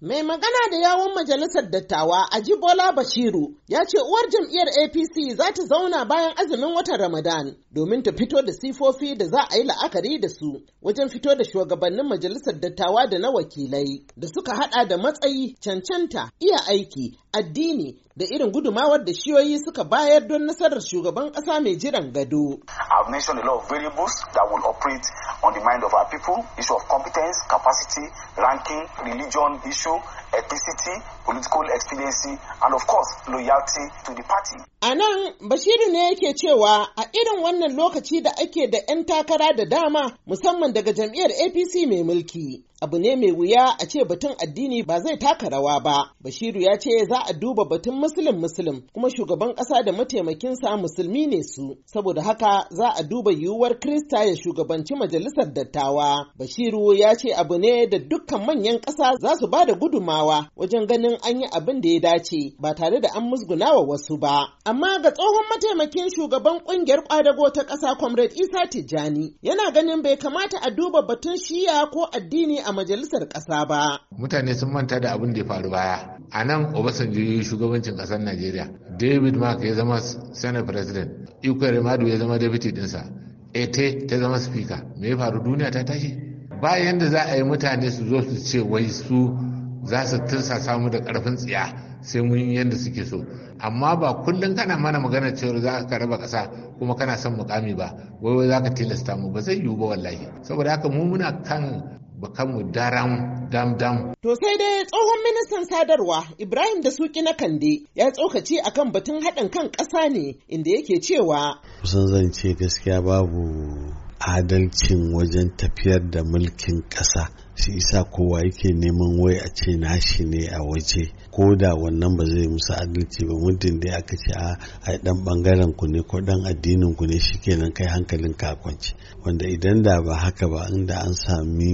Mai magana da yawon majalisar dattawa Ajibola Bashiru ya ce uwar jam'iyyar APC za ta zauna bayan azumin watan Ramadan domin ta fito da sifofi da za a yi la'akari da su wajen fito da shugabannin majalisar dattawa da na wakilai da suka hada da matsayi, cancanta, iya aiki, addini da irin gudumawar da shiyoyi suka bayar don nasarar shugaban ƙasa mai jiran gado. I've mentioned a lot of variables that will operate on the mind of our people, issue of competence, capacity, ranking, religion issue, ethnicity, political expediency, and of course loyalty to the party. A nan Bashiru ne yake cewa a irin wannan lokaci da ake da 'yan takara da dama musamman daga jam'iyyar APC mai mulki abu ne mai wuya a ce batun addini ba zai taka rawa ba bashiru ya ce za a duba batun musulun musulun kuma shugaban ƙasa da mataimakinsa musulmi ne su saboda haka za a duba yiwuwar krista ya shugabanci majalisar dattawa bashiru ya ce abu ne da dukkan manyan ƙasa za su ba da gudumawa wajen ganin an yi abin da ya dace ba tare da an musgunawa wasu ba amma ga tsohon mataimakin shugaban ƙungiyar ƙwadago ta ƙasa comrade isa tijjani yana ganin bai kamata a duba batun shiya ko addini a majalisar ƙasa ba. Mutane sun manta da abin da ya faru baya. A nan Obasanjo ya yi shugabancin ƙasar Najeriya. David Mark ya zama Senate President. Iko Remadu ya zama Deputy dinsa. Ete ta zama Speaker. Me ya faru duniya ta tashi? Bayan da za a yi mutane su zo su ce wai su za su tursa samu da ƙarfin tsiya. sai mun yi yadda suke so amma ba kullum kana mana magana cewar za ka raba ƙasa kuma kana son mukami ba wai wai za ka tilasta mu ba zai yiwu ba wallahi saboda haka mu muna kan mu daram dam dam. To sai dai tsohon ministan sadarwa Ibrahim da suki na Kande ya tsokaci akan batun haɗin kan ƙasa ne inda yake cewa. Kusan zan ce gaskiya babu adalcin wajen tafiyar da mulkin ƙasa. shi isa kowa yake neman wai a ce nashi ne a waje ko da wannan ba zai musu adalci ba muddin dai aka ce a ai dan bangaren ku ne ko dan addinin ku ne shi shikenan kai hankalin ka wanda idan da ba haka ba inda an sami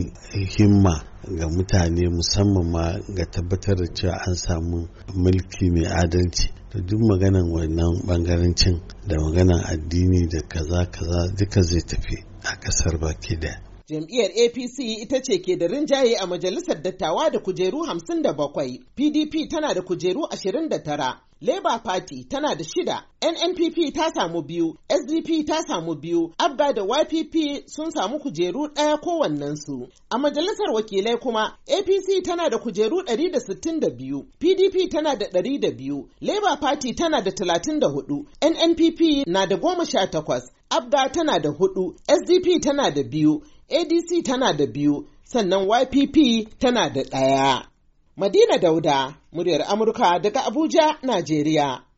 himma ga mutane musamman ma ga tabbatar da cewa an samu mulki mai adalci to duk maganan wannan bangarancin da maganan addini da kaza kaza duka zai tafi a kasar baki da Jam'iyyar APC ita ce ke da rinjaye a majalisar dattawa da kujeru 57, PDP tana da kujeru 29, Labour Party tana da shida, NNPP ta samu biyu, SDP ta samu biyu, Abba da YPP sun samu kujeru ɗaya kowannensu. A majalisar wakilai kuma, APC tana da kujeru 162, PDP tana da 102, Labour Party tana da 34, NNPP na da 18, Abba tana da hudu, SDP tana da biyu, adc tana da biyu sannan ypp tana da ɗaya madina dauda muryar amurka daga abuja najeriya